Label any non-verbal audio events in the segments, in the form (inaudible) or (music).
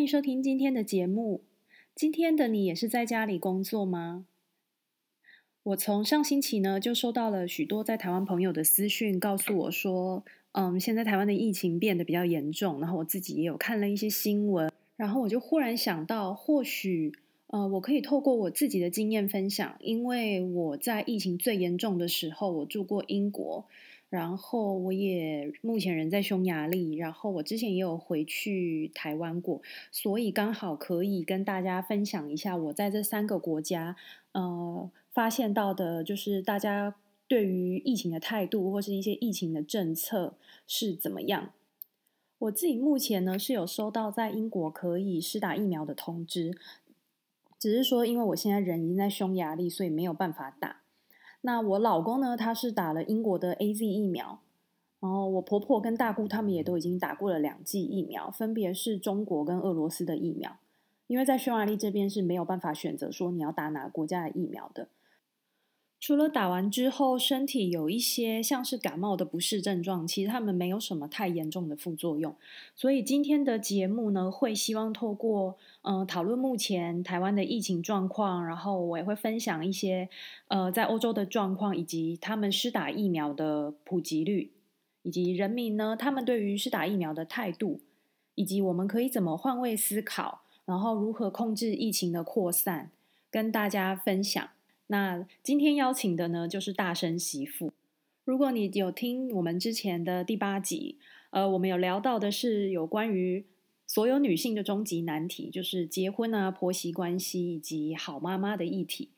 歡迎收聽今天的節目。今天的你也是在家裡工作嗎？我從上星期呢就收到了許多在台灣朋友的私訊，告訴我說，嗯，現在台灣的疫情變得比較嚴重。然後我自己也有看了一些新聞，然後我就忽然想到，或許，呃，我可以透過我自己的經驗分享，因為我在疫情最嚴重的時候，我住過英國。然後我也目前人在匈牙利，然後我之前也有回去台灣過，所以剛好可以跟大家分享一下我在這三個國家，呃，發現到的就是大家對於疫情的態度或是一些疫情的政策是怎麼樣。我自己目前呢是有收到在英國可以施打疫苗的通知，只是說因為我現在人已經在匈牙利，所以沒有辦法打。那我老公呢，他是打了英國的 AZ 疫苗，然後我婆婆跟大姑他們也都已經打過了兩劑疫苗，分別是中國跟俄羅斯的疫苗。因為在匈牙利這邊是沒有辦法選擇說你要打哪個國家的疫苗的。除了打完之後身體有一些像是感冒的不適症狀，其實他們沒有什麼太嚴重的副作用。所以今天的節目呢，會希望透過嗯、呃、討論目前台灣的疫情狀況，然後我也會分享一些呃在歐洲的狀況，以及他們施打疫苗的普及率，以及人民呢他們對於施打疫苗的態度，以及我們可以怎麼換位思考，然後如何控制疫情的擴散，跟大家分享。那今天邀請的呢，就是大聲媳婦。如果你有聽我們之前的第八集，呃，我們有聊到的是有關於所有女性的終極難題，就是結婚啊、婆媳關係以及好媽媽的議題。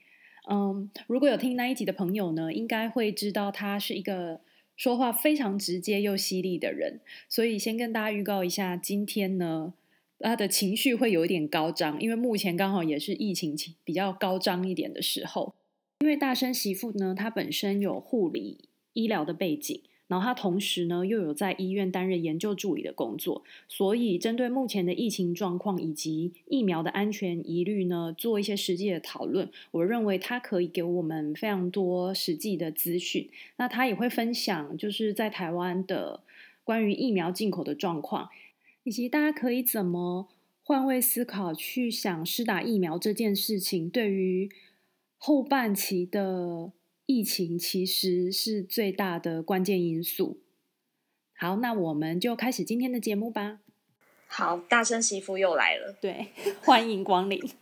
嗯，如果有聽那一集的朋友呢，應該會知道她是一個說話非常直接又犀利的人。所以先跟大家預告一下，今天呢，她的情緒會有一點高漲，因為目前剛好也是疫情比較高漲一點的時候。因為大聲媳婦呢，她本身有護理醫療的背景，然後她同時呢又有在醫院擔任研究助理的工作，所以針對目前的疫情狀況以及疫苗的安全疑慮呢，做一些實際的討論。我認為她可以給我們非常多實際的資訊。那她也會分享，就是在台灣的關於疫苗進口的狀況，以及大家可以怎麼換位思考去想施打疫苗這件事情對於。後半期的疫情其實是最大的關鍵因素。好，那我們就開始今天的節目吧。好，大聲媳婦又來了，對，歡迎光臨。 (laughs)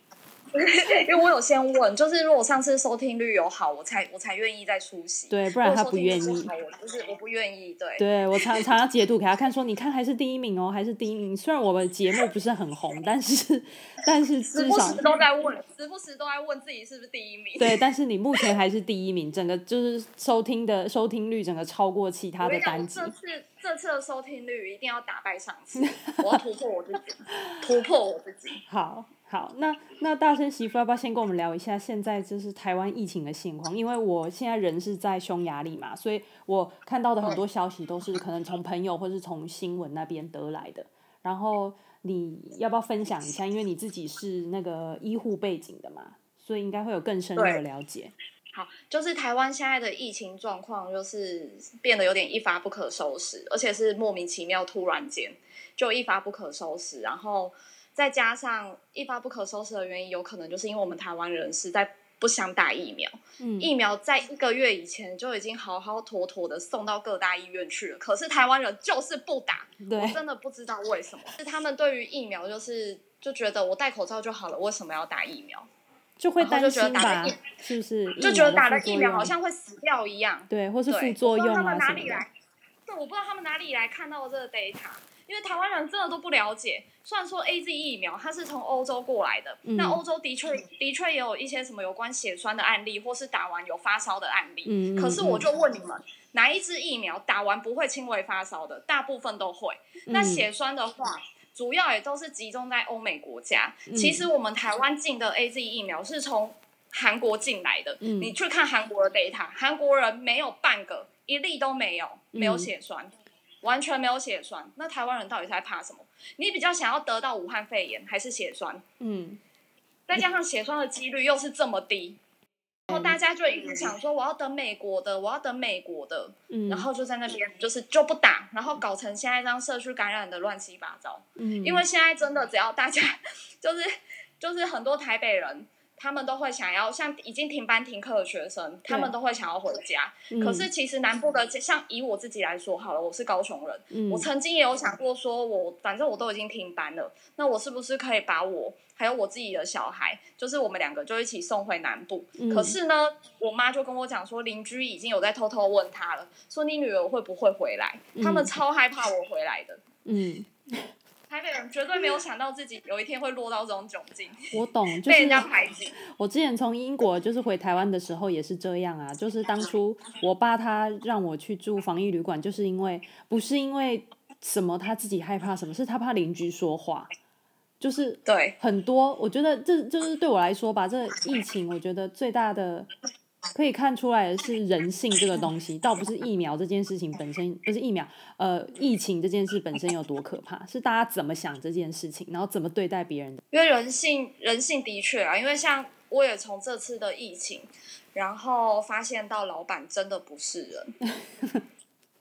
(laughs) 因為我有先問，就是如果上次收聽率有好，我才我才願意再出席。對，不然他不願意。我就是我不願意。對。對，我常常要截圖給他看，說你看還是第一名哦，還是第一名。雖然我們節目不是很紅，但是但是時不時都在問，時不時都在問自己是不是第一名。對，但是你目前還是第一名，整個就是收聽的收聽率整個超過其他的單集。這次這次的收聽率一定要打敗上次，我要突破我自己， (laughs) 突破我自己。好。好，那那大聲媳婦要不要先跟我們聊一下現在就是台灣疫情的現況？因為我現在人是在匈牙利嘛，所以我看到的很多消息都是可能從朋友或是從新聞那邊得來的。然後你要不要分享一下？因為你自己是那個醫護背景的嘛，所以應該會有更深入的了解。好，就是台灣現在的疫情狀況，就是變得有點一發不可收拾，而且是莫名其妙突然間就一發不可收拾，然後。再加上一發不可收拾的原因，有可能就是因為我們台灣人實在不想打疫苗。嗯、疫苗在一個月以前就已經好好妥妥的送到各大醫院去了，可是台灣人就是不打。對我真的不知道為什麼， (laughs) 是他們對於疫苗就是就覺得我戴口罩就好了，為什麼要打疫苗？就會擔心吧？是不是？就覺得打了疫、疫、疫苗好像會死掉一樣，對，或是副作用、啊、對不知道他們哪裡來對，我不知道他們哪裡來看到這個 data。因為台灣人真的都不了解，雖然說 A Z 疫苗它是從歐洲過來的，嗯、那歐洲的確的確也有一些什麼有關血栓的案例，或是打完有發燒的案例。嗯嗯嗯、可是我就問你們，哪一支疫苗打完不會輕微發燒的？大部分都會。那血栓的話，嗯、主要也都是集中在歐美國家。嗯、其實我們台灣進的 A Z 疫苗是從韓國進來的，嗯、你去看韓國的 data，韓國人沒有半個一例都沒有，沒有血栓。嗯完全沒有血栓，那台灣人到底是在怕什麼？你比較想要得到武漢肺炎還是血栓？嗯，再加上血栓的幾率又是這麼低，然後大家就一直想說，我要等美國的，我要等美國的，嗯，然後就在那邊就是就不打，然後搞成現在這樣社區感染的亂七八糟。嗯，因為現在真的只要大家就是就是很多台北人。他們都會想要像已經停班停課的學生，對他們都會想要回家。嗯、可是其實南部的，像以我自己來說好了，我是高雄人，嗯、我曾經也有想過，說我反正我都已經停班了，那我是不是可以把我還有我自己的小孩，就是我們兩個就一起送回南部？嗯、可是呢，我媽就跟我講說，鄰居已經有在偷偷問她了，說你女兒會不會回來？嗯、他們超害怕我回來的。嗯。 (laughs) 台北人絕對沒有想到自己有一天會落到這種窘境。我懂，就是被人家排擠。我之前從英國就是回台灣的時候也是這樣啊，就是當初我爸他讓我去住防疫旅館，就是因為不是因為什麼他自己害怕什麼，是他怕鄰居說話，就是對很多。對我覺得這就是對我來說吧，這疫情我覺得最大的。可以看出來的是人性這個東西，倒不是疫苗這件事情本身，不是疫苗，呃，疫情這件事本身有多可怕，是大家怎麼想這件事情，然後怎麼對待別人。因為人性，人性的確啊，因為像我也從這次的疫情，然後發現到老闆真的不是人。 (laughs)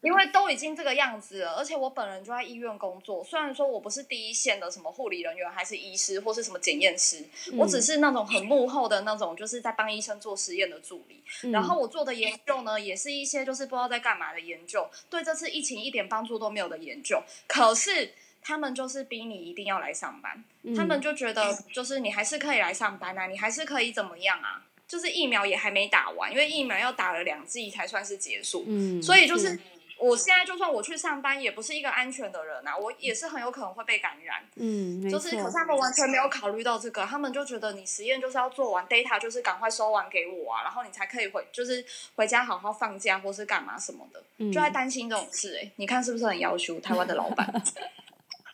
因為都已經這個樣子了，而且我本人就在醫院工作。雖然說我不是第一線的什麼護理人員，還是醫師或是什麼檢驗師，我只是那種很幕後的那種，就是在幫醫生做實驗的助理。嗯、然後我做的研究呢，也是一些就是不知道在幹嘛的研究，對這次疫情一點幫助都沒有的研究。可是他們就是逼你一定要來上班，嗯、他們就覺得就是你還是可以來上班啊，你還是可以怎麼樣啊？就是疫苗也還沒打完，因為疫苗要打了兩劑才算是結束。嗯、所以就是。嗯我現在就算我去上班，也不是一個安全的人吶、啊，我也是很有可能會被感染。嗯，就是可是他們完全沒有考慮到這個，他們就覺得你實驗就是要做完 (noise) ，data 就是趕快收完給我啊，然後你才可以回，就是回家好好放假或是幹嘛什麼的，嗯、就在擔心這種事哎、欸，你看是不是很要求台灣的老闆？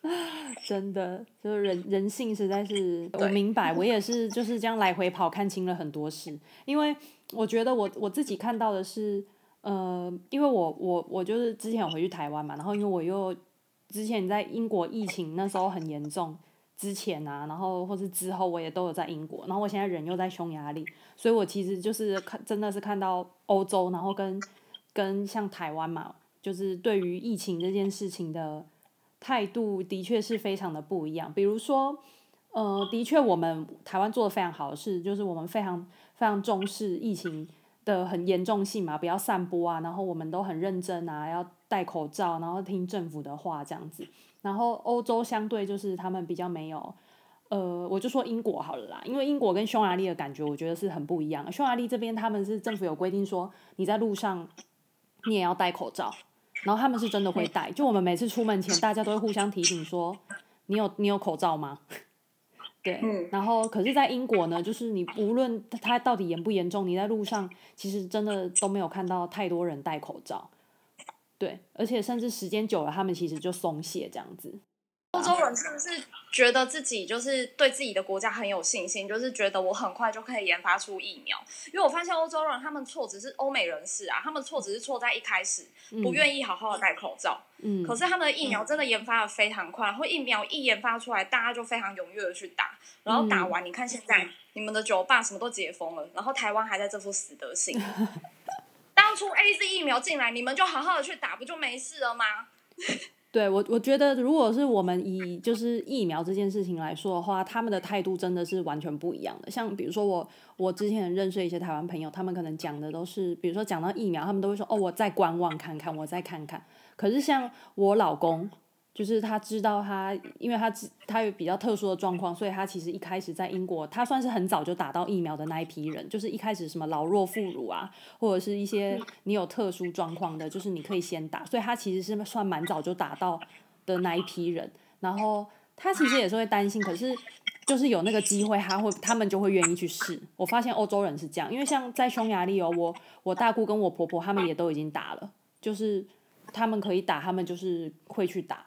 (laughs) 真的，就是人人性實在是，對我明白，我也是就是這樣來回跑， (laughs) 看清了很多事，因為我覺得我我自己看到的是。嗯、呃，因為我我我就是之前有回去台灣嘛，然後因為我又之前在英國疫情那時候很嚴重之前啊，然後或是之後我也都有在英國，然後我現在人又在匈牙利，所以我其實就是看真的是看到歐洲，然後跟跟像台灣嘛，就是對於疫情這件事情的態度，的確是非常的不一樣。比如說，呃，的確我們台灣做的非常好的是，就是我們非常非常重視疫情。的很嚴重性嘛，不要散播啊，然後我們都很認真啊，要戴口罩，然後聽政府的話這樣子。然後歐洲相對就是他們比較沒有，呃，我就說英國好了啦，因為英國跟匈牙利的感覺我覺得是很不一樣的。匈牙利這邊他們是政府有規定說你在路上你也要戴口罩，然後他們是真的會戴。就我們每次出門前，大家都會互相提醒說，你有你有口罩嗎？對，嗯、然後可是，在英國呢，就是你無論它到底嚴不嚴重，你在路上其實真的都沒有看到太多人戴口罩，對，而且甚至時間久了，他們其實就鬆懈這樣子。歐洲人是不是？覺得自己就是對自己的國家很有信心，就是覺得我很快就可以研發出疫苗。因為我發現歐洲人他們錯，只是歐美人士啊，他們錯只是錯在一開始不願意好好的戴口罩。嗯、可是他們的疫苗真的研發的非常快，嗯、然後疫苗一研發出來，大家就非常踴躍的去打。然後打完，嗯、你看現在、嗯、你們的酒吧什麼都解封了，然後台灣還在這副死德性。 (laughs) 當初 AZ 疫苗進來，你們就好好的去打，不就沒事了嗎？ (laughs) 對，我，我覺得如果是我們以就是疫苗這件事情來說的話，他們的態度真的是完全不一樣的。像比如說我，我之前認識一些台灣朋友，他們可能講的都是，比如說講到疫苗，他們都會說：“哦，我再觀望看看，我再看看。”可是像我老公。就是他知道他，因為他他有比較特殊的狀況，所以他其實一開始在英國，他算是很早就打到疫苗的那一批人。就是一開始什麼老弱婦孺啊，或者是一些你有特殊狀況的，就是你可以先打。所以他其實是算蠻早就打到的那一批人。然後他其實也是會擔心，可是就是有那個機會，他會他們就會願意去試。我發現歐洲人是這樣，因為像在匈牙利哦，我我大姑跟我婆婆，他們也都已經打了，就是他們可以打，他們就是會去打。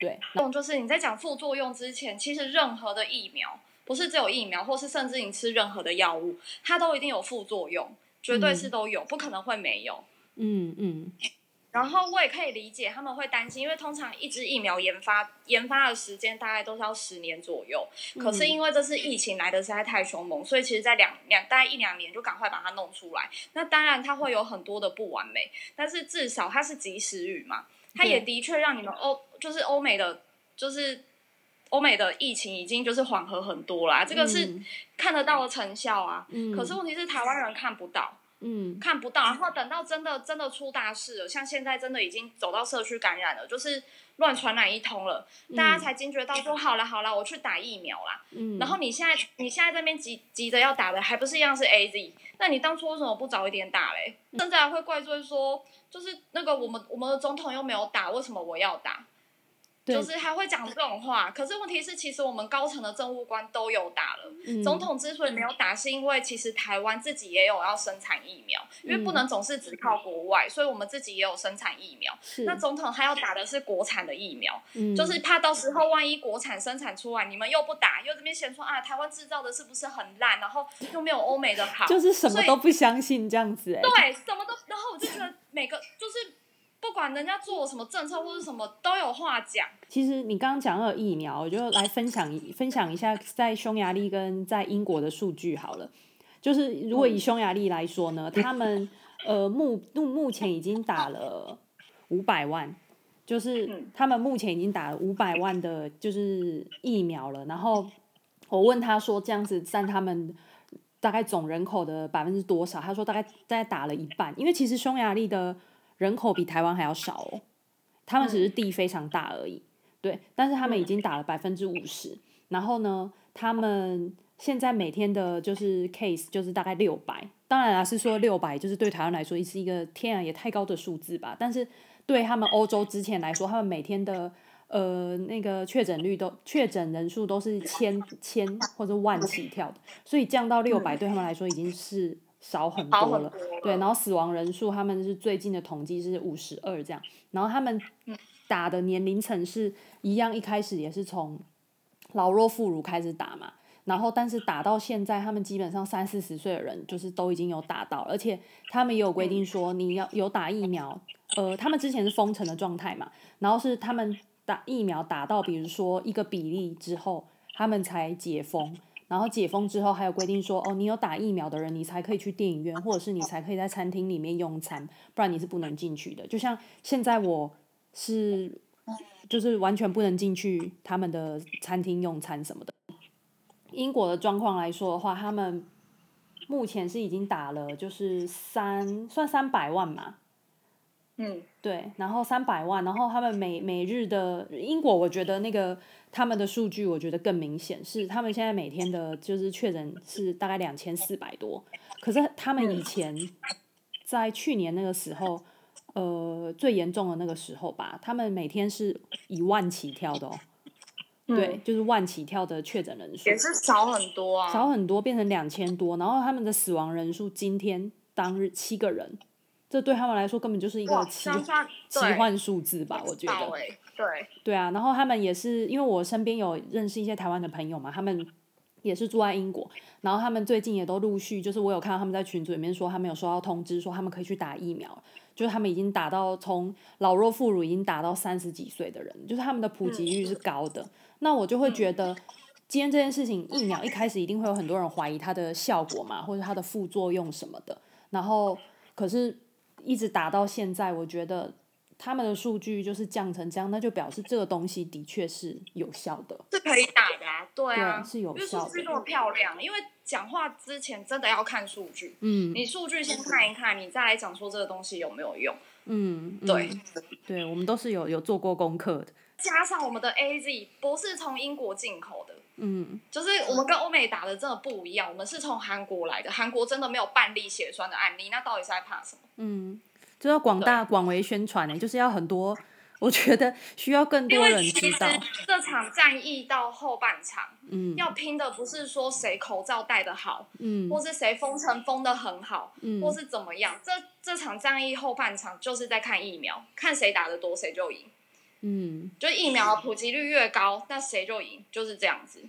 對，那這種就是你在講副作用之前，其實任何的疫苗，不是只有疫苗，或是甚至你吃任何的藥物，它都一定有副作用，絕對是都有，嗯、不可能會沒有。嗯嗯。嗯然後我也可以理解他們會擔心，因為通常一支疫苗研發研發的時間大概都是要十年左右，可是因為這次疫情來的實在太兇猛，所以其實在，在兩兩大概一兩年就趕快把它弄出來。那當然，它會有很多的不完美，但是至少它是及時雨嘛。它也的確讓你們歐，對就是歐美的，就是歐美的疫情已經就是緩和很多啦，啊，這個是看得到的成效啊。嗯，可是問題是台灣人看不到。嗯，看不到，然後等到真的真的出大事了，像現在真的已經走到社區感染了，就是亂傳染一通了，大家才驚覺到說、嗯、好了好了，我去打疫苗啦。嗯，然後你現在你現在這邊急急着要打的，還不是一樣是 AZ？那你當初為什麼不早一點打嘞？甚至還會怪罪說，就是那個我們我們的總統又沒有打，為什麼我要打？對就是還會講這種話，可是問題是，其實我們高層的政務官都有打了。嗯、總統之所以沒有打，是因為其實台灣自己也有要生產疫苗，嗯、因為不能總是只靠國外，所以我們自己也有生產疫苗。是那總統還要打的是國產的疫苗，嗯、就是怕到時候萬一國產生產出來，你們又不打，又這邊嫌說啊，台灣製造的是不是很爛，然後又沒有歐美的好，就是什麼都不相信以這樣子、欸。對，什麼都，然後我就覺得每個就是。不管人家做什麼政策或者什麼，都有話講。其實你剛剛講到疫苗，我就來分享一分享一下在匈牙利跟在英國的數據好了。就是如果以匈牙利來說呢，他們呃目目目前已經打了五百萬，就是他們目前已經打了五百萬的，就是疫苗了。然後我問他說，這樣子占他們大概總人口的百分之多少？他說大概大概打了一半，因為其實匈牙利的。人口比台灣還要少哦，他們只是地非常大而已。對，但是他們已經打了百分之五十，然後呢，他們現在每天的就是 case 就是大概六百。當然了，是說六百就是對台灣來說也是一個天啊也太高的數字吧。但是對他們歐洲之前來說，他們每天的呃那個確診率都確診人數都是千千或者萬起跳的，所以降到六百對他們來說已經是。少很多了，好很多了，對，然後死亡人數他們是最近的統計是五十二這樣，然後他們打的年齡層是一樣，一開始也是從老弱婦孺開始打嘛，然後但是打到現在，他們基本上三四十歲的人就是都已經有打到，而且他們也有規定說你要有打疫苗，呃，他們之前是封城的狀態嘛，然後是他們打疫苗打到比如說一個比例之後，他們才解封。然後解封之後，還有規定說，哦，你有打疫苗的人，你才可以去電影院，或者是你才可以在餐廳裡面用餐，不然你是不能進去的。就像現在我是，就是完全不能進去他們的餐廳用餐什麼的。英國的狀況來說的話，他們目前是已經打了，就是三，算三百萬嘛。嗯，對，然後三百萬，然後他們每每日的英國，我覺得那個他們的數據，我覺得更明顯是他們現在每天的就是確診是大概兩千四百多，可是他們以前在去年那個時候，呃，最嚴重的那個時候吧，他們每天是一萬起跳的，哦，嗯、對，就是萬起跳的確診人數也是少很多啊，少很多，變成兩千多，然後他們的死亡人數今天當日七個人。這對他們來說根本就是一個奇奇幻數字吧。對我覺得。對。對、對啊，然後他們也是因為我身邊有認識一些台灣的朋友嘛，他們也是住在英國，然後他們最近也都陸續，就是我有看到他們在群組裡面說，他們有收到通知說他們可以去打疫苗，就是他們已經打到從老弱婦孺已經打到三十幾歲的人，就是他們的普及率是高的。嗯、那我就會覺得，嗯、今天這件事情，疫苗一開始一定會有很多人懷疑它的效果嘛，或者它的副作用什麼的，然後可是。一直打到現在，我覺得他們的數據就是降成這樣，那就表示這個東西的確是有效的，是可以打的，啊，對啊，啊是有效的。因為數據這麼漂亮，因為講話之前真的要看數據，嗯，你數據先看一看，的你再來講說這個東西有沒有用，嗯，對嗯，對，我們都是有有做過功課的，加上我們的 AZ 不是從英國進口的。嗯，就是我們跟歐美打的真的不一樣，我們是從韓國來的，韓國真的沒有半粒血栓的案例，那到底是在怕什麼？嗯，就要廣大廣為宣傳呢、欸，對就是要很多，我覺得需要更多人知道。因為其實這場戰役到後半場，嗯，要拼的不是說誰口罩戴得好，嗯，或是誰封城封得很好，嗯，或是怎麼樣，這這場戰役後半場就是在看疫苗，看誰打得多誰就贏。嗯，就疫苗的普及率越高，那誰就贏，就是這樣子。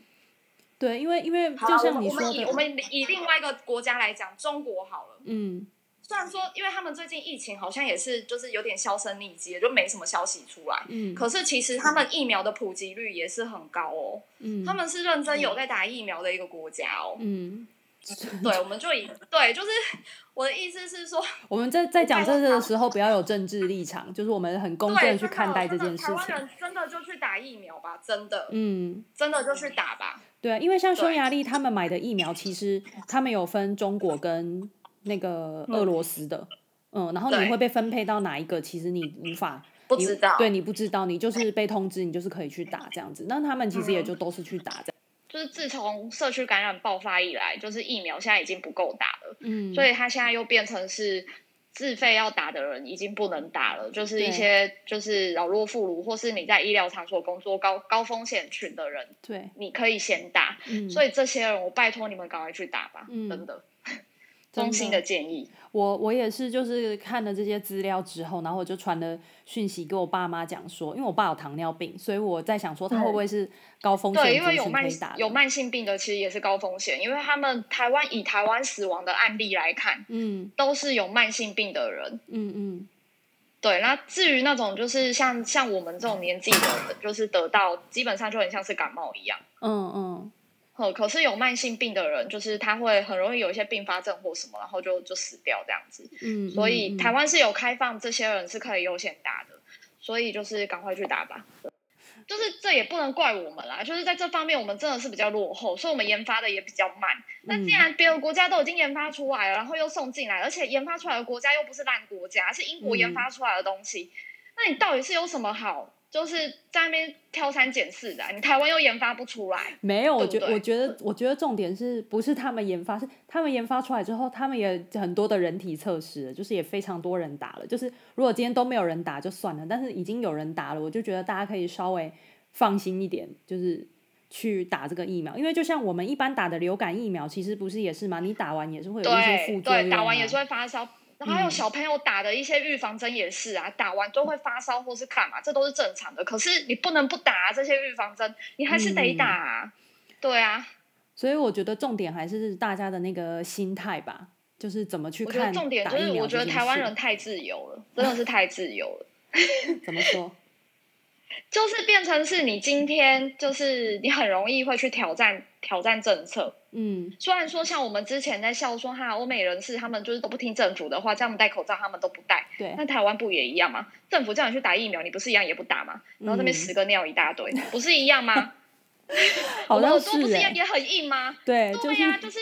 對，因為因為就像你說的、啊我們以，我們以另外一個國家來講，中國好了，嗯，雖然說因為他們最近疫情好像也是就是有點銷聲匿跡，就沒什麼消息出來，嗯，可是其實他們疫苗的普及率也是很高哦，嗯，他們是認真有在打疫苗的一個國家哦，嗯。嗯對，我們就以對，就是我的意思是說，我們在在講這個的時候，不要有政治立場，就是我們很公正去看待這件事情。真的，我台灣人真的就去打疫苗吧，真的，嗯，真的就去打吧。對，因為像匈牙利他們買的疫苗，其實他們有分中國跟那個俄羅斯的，嗯，嗯，然後你會被分配到哪一個，其實你無法不知道，你對你不知道，你就是被通知，你就是可以去打這樣子。那他們其實也就都是去打。這樣子。嗯就是自從社區感染爆發以來，就是疫苗現在已經不夠打了，嗯，所以他現在又變成是自費要打的人已經不能打了，嗯，就是一些就是老弱婦孺，或是你在醫療場所工作高高風險群的人，對，你可以先打，嗯，所以這些人我拜托你們趕快去打吧，嗯，真的。中心的的建議，我我也是，就是看了這些資料之後，然後我就傳了訊息給我爸媽講說，因為我爸有糖尿病，所以我在想說他會不會是高風險？對，因為有慢有慢性病的其實也是高風險，因為他們台灣以台灣死亡的案例來看，嗯，都是有慢性病的人，嗯嗯。嗯對，那至於那種就是像像我們這種年紀的人，就是得到基本上就很像是感冒一樣，嗯嗯。嗯可是有慢性病的人，就是他會很容易有一些併發症或什麼，然後就就死掉這樣子。嗯，所以台灣是有開放，這些人是可以優先打的，所以就是趕快去打吧。就是這也不能怪我們啦，就是在這方面我們真的是比較落後，所以我們研發的也比較慢。那既然別的國家都已經研發出來了，然後又送進來，而且研發出來的國家又不是爛國家，是英國研發出來的東西，那你到底是有什麼好？就是在那邊挑三揀四的啊，你台灣又研發不出來。沒有，我覺得對對，我覺得我覺得重點是不是他們研發，是他們研發出來之後，他們也很多的人體測試，就是也非常多人打了。就是如果今天都沒有人打就算了，但是已經有人打了，我就覺得大家可以稍微放心一點，就是去打這個疫苗。因為就像我們一般打的流感疫苗，其實不是也是嗎？你打完也是會有一些副作用，對，對，打完也是會發燒。然後還有小朋友打的一些預防針也是啊，打完都會發燒或是看嘛，這都是正常的。可是你不能不打、啊、這些預防針，你還是得打啊。嗯、對啊，所以我覺得重點還是大家的那個心態吧，就是怎麼去看。重點就是，就是、我覺得台灣人太自由了， (laughs) 真的是太自由了。 (laughs) 怎麼說？就是變成是你今天就是你很容易會去挑戰挑戰政策，嗯，雖然說像我們之前在笑說哈歐美人士他們就是都不聽政府的話，叫我們戴口罩他們都不戴，對，那台灣不也一樣嗎？政府叫你去打疫苗，你不是一樣也不打嗎？然後那邊屎跟尿一大堆，嗯、不是一樣嗎？耳朵、 (laughs) 欸、 (laughs) 不是一樣，也很硬嗎？對，對呀，就是。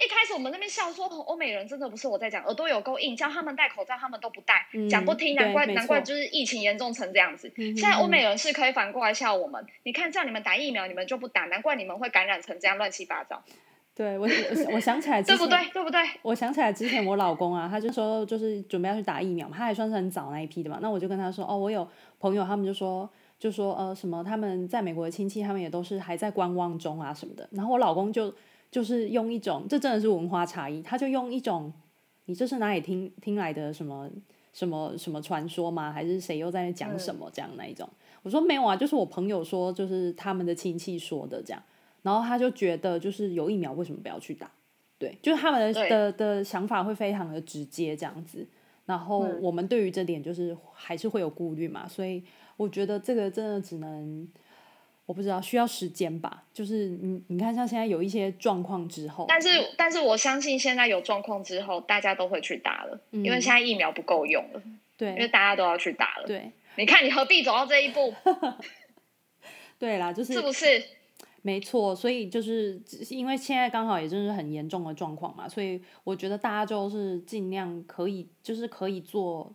一開始我們那邊笑說歐美人真的不是我在講，耳朵有夠硬，叫他們戴口罩他們都不戴，嗯、講不聽，難怪難怪就是疫情嚴重成這樣子。現在歐美人是可以反過來笑我們，嗯、哼哼你看這樣你們打疫苗你們就不打，難怪你們會感染成這樣亂七八糟。對我我，我想起來， (laughs) 對不對？對不對？我想起來之前我老公啊，他就說就是準備要去打疫苗，他還算是很早那一批的嘛。那我就跟他說哦，我有朋友他們就說就說呃什麼，他們在美國的親戚他們也都是還在觀望中啊什麼的。然後我老公就。就是用一種，這真的是文化差異。他就用一種，你這是哪裡聽聽來的什？什麼什麼什麼傳說嗎？還是誰又在那講什麼這樣那一種？嗯。我說沒有啊，就是我朋友說，就是他們的親戚說的這樣。然後他就覺得，就是有疫苗，為什麼不要去打？對，就是他們的對的的想法會非常的直接這樣子。然後我們對於這點就是還是會有顧慮嘛，所以我覺得這個真的只能。我不知道，需要時間吧。就是你，你看，像現在有一些狀況之後，但是，但是我相信現在有狀況之後，大家都會去打了，嗯，因為現在疫苗不夠用了，對，因為大家都要去打了。對，你看，你何必走到這一步？ (laughs) 對啦，就是是不是？沒錯，所以就是因為現在剛好也就是很嚴重的狀況嘛，所以我覺得大家就是盡量可以，就是可以做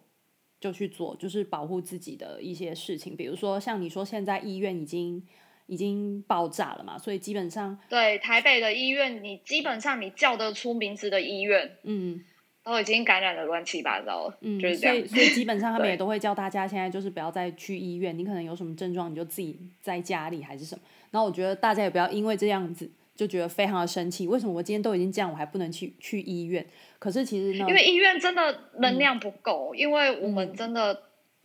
就去做，就是保護自己的一些事情，比如說像你說現在醫院已經。已經爆炸了嘛，所以基本上對台北的醫院，你基本上你叫得出名字的醫院，嗯，都已經感染了，亂七八糟了，嗯，就是這樣，所以所以基本上他們對也都會叫大家現在就是不要再去醫院，你可能有什麼症狀你就自己在家裡還是什麼，然後我覺得大家也不要因為這樣子就覺得非常的生氣，為什麼我今天都已經這樣我還不能去去醫院？可是其實呢，因為醫院真的能量不夠，嗯，因為我們真的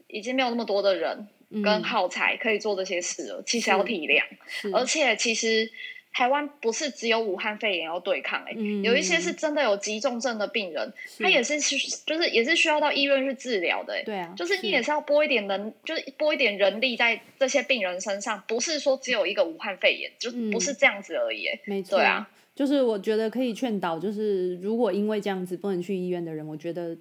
已經沒有那麼多的人。跟耗材可以做這些事，嗯、其實要體諒，是而且其實台灣不是只有武漢肺炎要對抗，欸，哎、嗯，有一些是真的有急重症的病人，是他也是就是也是需要到醫院去治療的，欸，對啊，就是你也是要撥一點人，是就是撥一點人力在這些病人身上，不是說只有一個武漢肺炎，就不是這樣子而已，欸嗯，沒錯啊，就是我覺得可以勸導，就是如果因為這樣子不能去醫院的人，我覺得。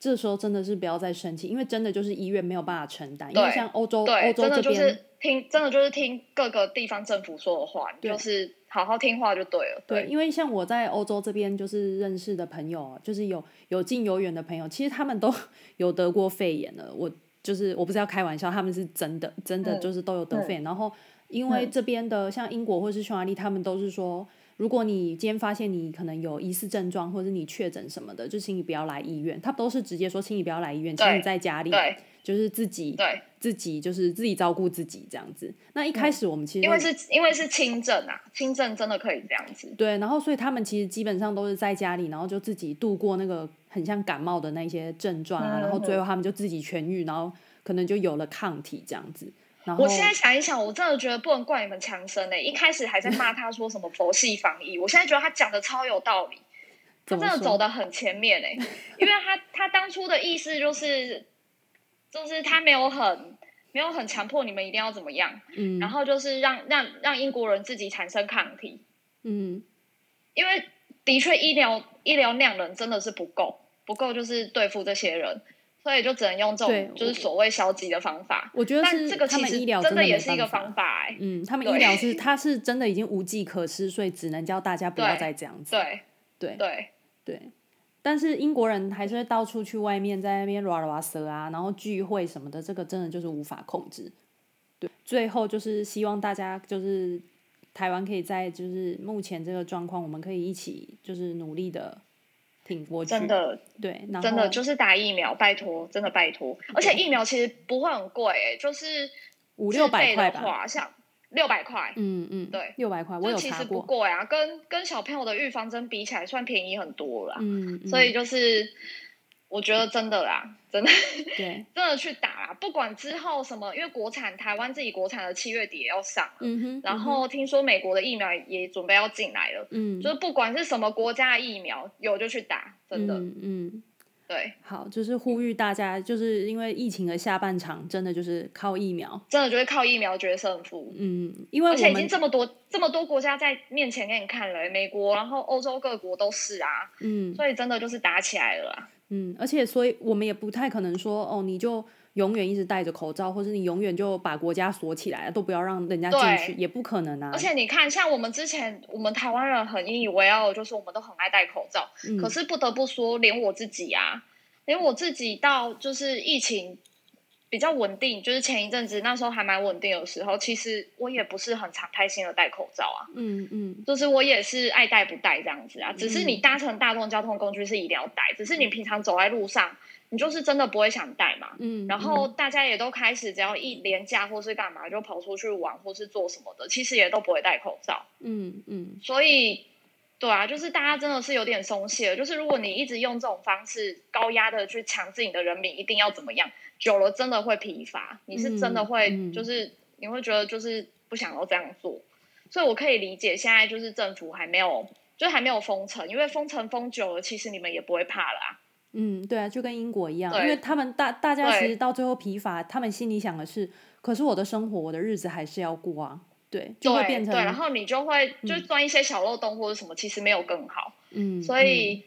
這時候真的是不要再生氣，因為真的就是醫院沒有辦法承擔，對因為像歐洲對歐洲這邊，真的就是聽真的就是聽各個地方政府說的話，對就是好好聽話就對了。對，對，對，因為像我在歐洲這邊就是認識的朋友、啊，就是有有近有遠的朋友，其實他們都有得過肺炎了。我就是我不是要開玩笑，他們是真的真的就是都有得肺炎。嗯、然後因為這邊的、嗯、像英國或是匈牙利，他們都是說。如果你今天發現你可能有疑似症狀，或者你確診什麼的，就請你不要來醫院。他都是直接說，請你不要來醫院，對請你在家裡，對就是自己，對自己就是自己照顧自己這樣子。那一開始我們其實、嗯、因為是，因為是輕症啊，輕症真的可以這樣子。對，然後所以他們其實基本上都是在家裡，然後就自己度過那個很像感冒的那些症狀啊，嗯、然後最後他們就自己痊癒，然後可能就有了抗體這樣子。我現在想一想，我真的覺得不能怪你們強生呢、欸，一開始還在罵他說什麼“佛系防疫”， (laughs) 我現在覺得他講的超有道理，他真的走得很前面誒、欸。因為他他當初的意思就是，就是他沒有很沒有很強迫你們一定要怎麼樣，嗯，然後就是讓讓讓英國人自己產生抗體，嗯，因為的確醫療醫療量能真的是不夠，不夠就是對付這些人。所以就只能用這種，對就是所謂消極的方法。我覺得是他們醫療真，真的也是一個方法、欸、嗯，他們醫療是他對是真的已經無計可施，所以只能教大家不要再這樣子。對對對對，但是英國人還是會到處去外面，在那邊拉拉扯啊，然後聚會什麼的，這個真的就是無法控制。對，最後就是希望大家就是台灣可以在就是目前這個狀況，我們可以一起就是努力的。真的，對，真的就是打疫苗，拜託，真的拜託。而且疫苗其實不會很貴、欸，就是的話五六百塊吧，像六百塊，嗯嗯，對，六百塊，我有查過就其實不貴啊，跟跟小朋友的預防針比起來，算便宜很多了，嗯，嗯，所以就是。我覺得真的啦，真的，對， (laughs) 真的去打啦，不管之後什麼。因為國產台灣自己國產的七月底也要上，嗯哼，然後聽說美國的疫苗也準備要進來了，嗯，就是不管是什麼國家的疫苗，有就去打，真的，嗯，嗯對，好，就是呼籲大家，嗯、就是因為疫情的下半場，真的就是靠疫苗，真的就是靠疫苗決勝負，嗯，因為我而且已經這麼多這麼多國家在面前給你看了、欸，美國，然後歐洲各國都是啊，嗯，所以真的就是打起來了。嗯，而且，所以我們也不太可能說，哦，你就永遠一直戴着口罩，或是你永遠就把國家鎖起來，都不要讓人家進去，對也不可能啊。而且你看，像我們之前，我們台灣人很引以為傲，就是我們都很愛戴口罩。嗯、可是不得不說，連我自己啊，連我自己到就是疫情。比較穩定，就是前一陣子那時候還蠻穩定的時候，其實我也不是很常態性的戴口罩啊。嗯嗯，嗯，就是我也是愛戴不戴這樣子啊。只是你搭乘大眾交通工具是一定要戴，嗯、只是你平常走在路上，你就是真的不會想戴嘛。嗯。嗯，然後大家也都開始只要一連假，或是幹嘛，就跑出去玩或是做什麼的，其實也都不會戴口罩。嗯嗯。嗯，所以，對啊，就是大家真的是有點鬆懈，就是如果你一直用這種方式高壓的去強制你的人民一定要怎麼樣，久了真的會疲乏，嗯、你是真的會就是、嗯、你會覺得就是不想要這樣做，嗯、所以我可以理解現在就是政府還沒有就還沒有封城，因為封城封久了其實你們也不會怕了。嗯，對啊，就跟英國一樣，對因為他們大大家其實到最後疲乏，對他們心裡想的是，可是我的生活我的日子還是要過啊，對，對就會變成對，然後你就會就鑽一些小漏洞或者什麼，嗯、其實沒有更好。嗯，所以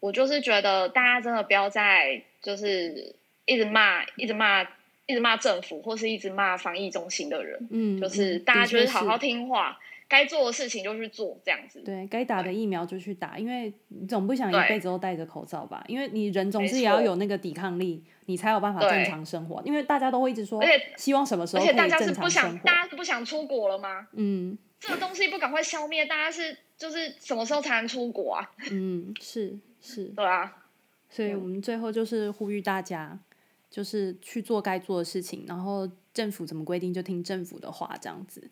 我就是覺得大家真的不要再就是。一直罵，一直罵，一直罵政府，或是一直罵防疫中心的人。嗯，就是大家就是好好聽話，該做的事情就去做，這樣子。對，該打的疫苗就去打，因為你總不想一輩子都戴着口罩吧？因為你人總是也要有那個抵抗力，你才有辦法正常生活。因為大家都會一直說，而且希望什麼時候？而且大家是不想，大家是不想出國了嗎？嗯，這個東西不趕快消滅，大家是就是什麼時候才能出國啊？嗯，是是，對啊。所以我們最後就是呼籲大家，就是去做該做的事情，然後政府怎麼規定就聽政府的話，這樣子。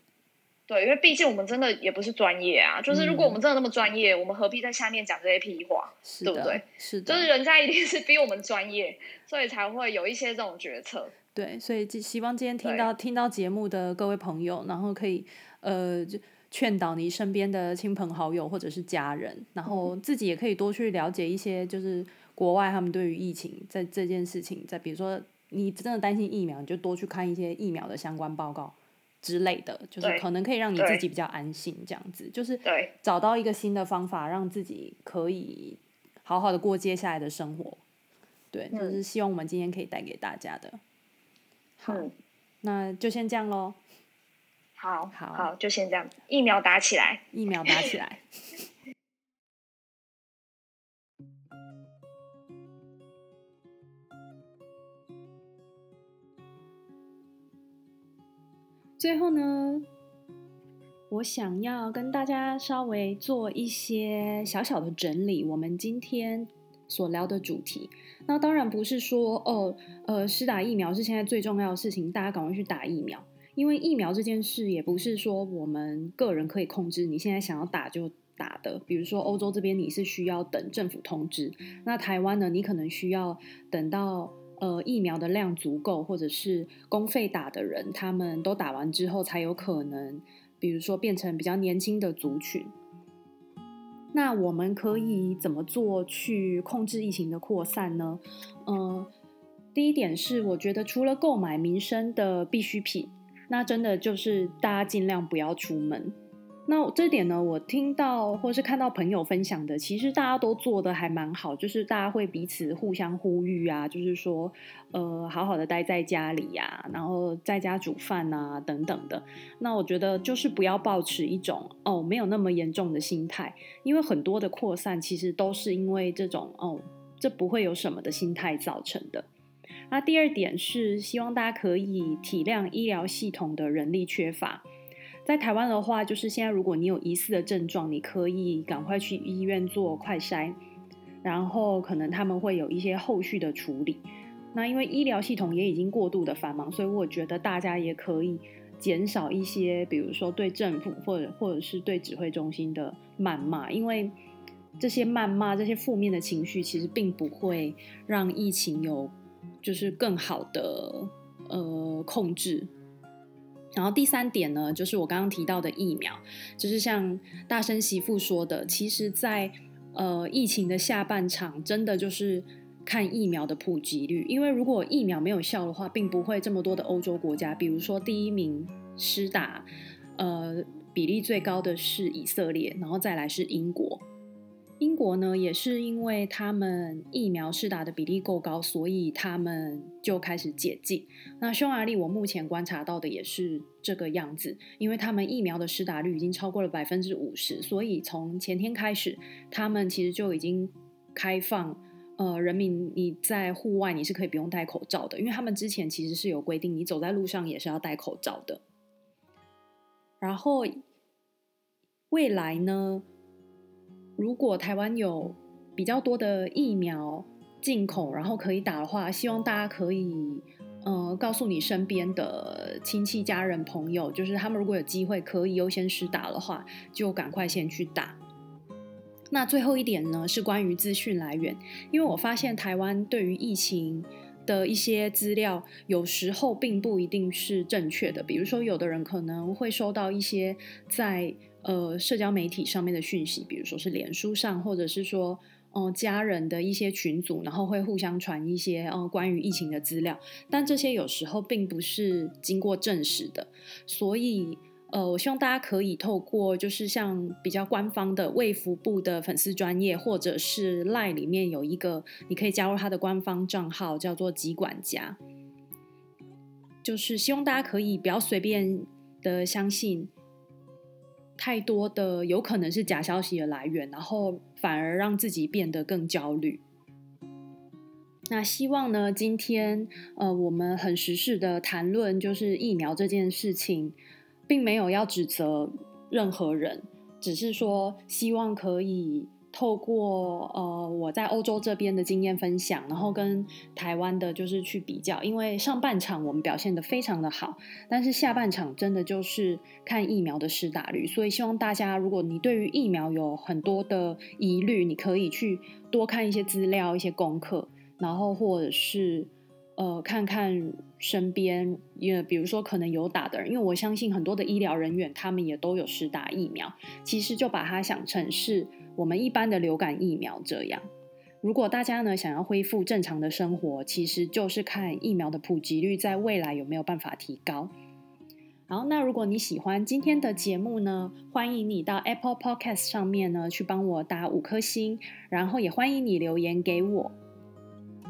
對，因為畢竟我們真的也不是專業啊。嗯、就是如果我們真的那麼專業，我們何必在下面講這些屁話，是的對不對？是的，就是人家一定是比我們專業，所以才會有一些這種決策。對，所以希望今天聽到對聽到節目的各位朋友，然後可以呃，就勸導你身邊的親朋好友或者是家人，然後自己也可以多去了解一些，就是。嗯國外他們對於疫情，在這件事情，在比如說你真的擔心疫苗，你就多去看一些疫苗的相關報告之類的，對就是可能可以讓你自己比較安心，這樣子對就是找到一個新的方法，讓自己可以好好的過接下來的生活。對，對，就是希望我們今天可以帶給大家的。嗯、好。嗯、那就先這樣嘍。好，好，好，就先這樣。疫苗打起來，疫苗打起來。 (laughs) 最後呢，我想要跟大家稍微做一些小小的整理。我們今天所聊的主題，那當然不是說哦，呃，呃，施打疫苗是現在最重要的事情，大家趕快去打疫苗。因為疫苗這件事也不是說我們個人可以控制，你現在想要打就打的。比如說歐洲這邊，你是需要等政府通知；那台灣呢，你可能需要等到，呃，疫苗的量足夠，或者是公費打的人，他們都打完之後才有可能，比如說變成比較年輕的族群。那我們可以怎麼做去控制疫情的擴散呢？嗯、呃，第一點是我覺得除了購買民生的必需品，那真的就是大家盡量不要出門。那這點呢，我聽到或是看到朋友分享的，其實大家都做得還蠻好，就是大家會彼此互相呼籲啊，就是說，呃，好好的待在家裡呀、啊，然後在家煮飯啊等等的。那我覺得就是不要抱持一種哦沒有那麼嚴重的心態，因為很多的擴散其實都是因為這種哦這不會有什麼的心態造成的。那第二點是希望大家可以體諒醫療系統的人力缺乏。在台灣的話，就是現在如果你有疑似的症狀，你可以趕快去醫院做快篩，然後可能他們會有一些後續的處理。那因為醫療系統也已經過度的繁忙，所以我覺得大家也可以減少一些，比如說對政府或者或者是對指揮中心的謾罵，因為這些謾罵、這些負面的情緒，其實並不會讓疫情有就是更好的呃控制。然後第三點呢，就是我剛剛提到的疫苗，就是像大聲媳婦說的，其實在，在呃疫情的下半場，真的就是看疫苗的普及率，因為如果疫苗沒有效的話，並不會這麼多的歐洲國家，比如說第一名施打，呃比例最高的是以色列，然後再來是英國。英國呢，也是因為他們疫苗施打的比例夠高，所以他們就開始解禁。那匈牙利，我目前觀察到的也是這個樣子，因為他們疫苗的施打率已經超過了百分之五十，所以從前天開始，他們其實就已經開放。呃，人民你在戶外你是可以不用戴口罩的，因為他們之前其實是有規定，你走在路上也是要戴口罩的。然後未來呢，如果台灣有比較多的疫苗進口，然後可以打的話，希望大家可以，呃，告訴你身邊的親戚、家人、朋友，就是他們如果有機會可以優先施打的話，就趕快先去打。那最後一點呢，是關於資訊來源，因為我發現台灣對於疫情的一些資料，有時候並不一定是正確的。比如說，有的人可能會收到一些在。呃，社交媒體上面的訊息，比如說是臉書上，或者是說，嗯、呃，家人的一些群組，然後會互相傳一些嗯、呃，關於疫情的資料，但這些有時候並不是經過證實的，所以，呃，我希望大家可以透過就是像比較官方的衛福部的粉絲專頁，或者是賴裡面有一個，你可以加入他的官方賬號，叫做疾管家，就是希望大家可以不要隨便的相信。太多的有可能是假消息的來源，然後反而讓自己變得更焦慮。那希望呢，今天呃，我們很時事的談論就是疫苗這件事情，並沒有要指責任何人，只是說希望可以。透過呃，我在歐洲這邊的經驗分享，然後跟台灣的就是去比較，因為上半場我們表現得非常的好，但是下半場真的就是看疫苗的施打率，所以希望大家，如果你對於疫苗有很多的疑慮，你可以去多看一些資料、一些功課，然後或者是呃看看身邊，也比如說可能有打的人，因為我相信很多的醫療人員他們也都有施打疫苗，其實就把它想成是。我們一般的流感疫苗這樣。如果大家呢想要恢復正常的生活，其實就是看疫苗的普及率在未來有沒有辦法提高。好，那如果你喜歡今天的節目呢，歡迎你到 Apple Podcast 上面呢去幫我打五顆星，然後也歡迎你留言給我。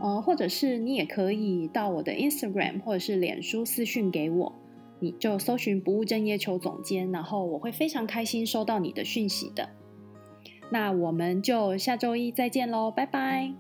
呃，或者是你也可以到我的 Instagram 或者是臉書私訊給我，你就搜尋“不務正業邱總監”，然後我會非常開心收到你的訊息的。那我們就下周一再見嘍，拜拜。